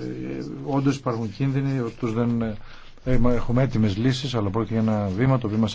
Ε, Όντω υπάρχουν κίνδυνοι, δεν ε, έχουμε έτοιμες λύσεις, αλλά πρόκειται για ένα βήμα το βήμα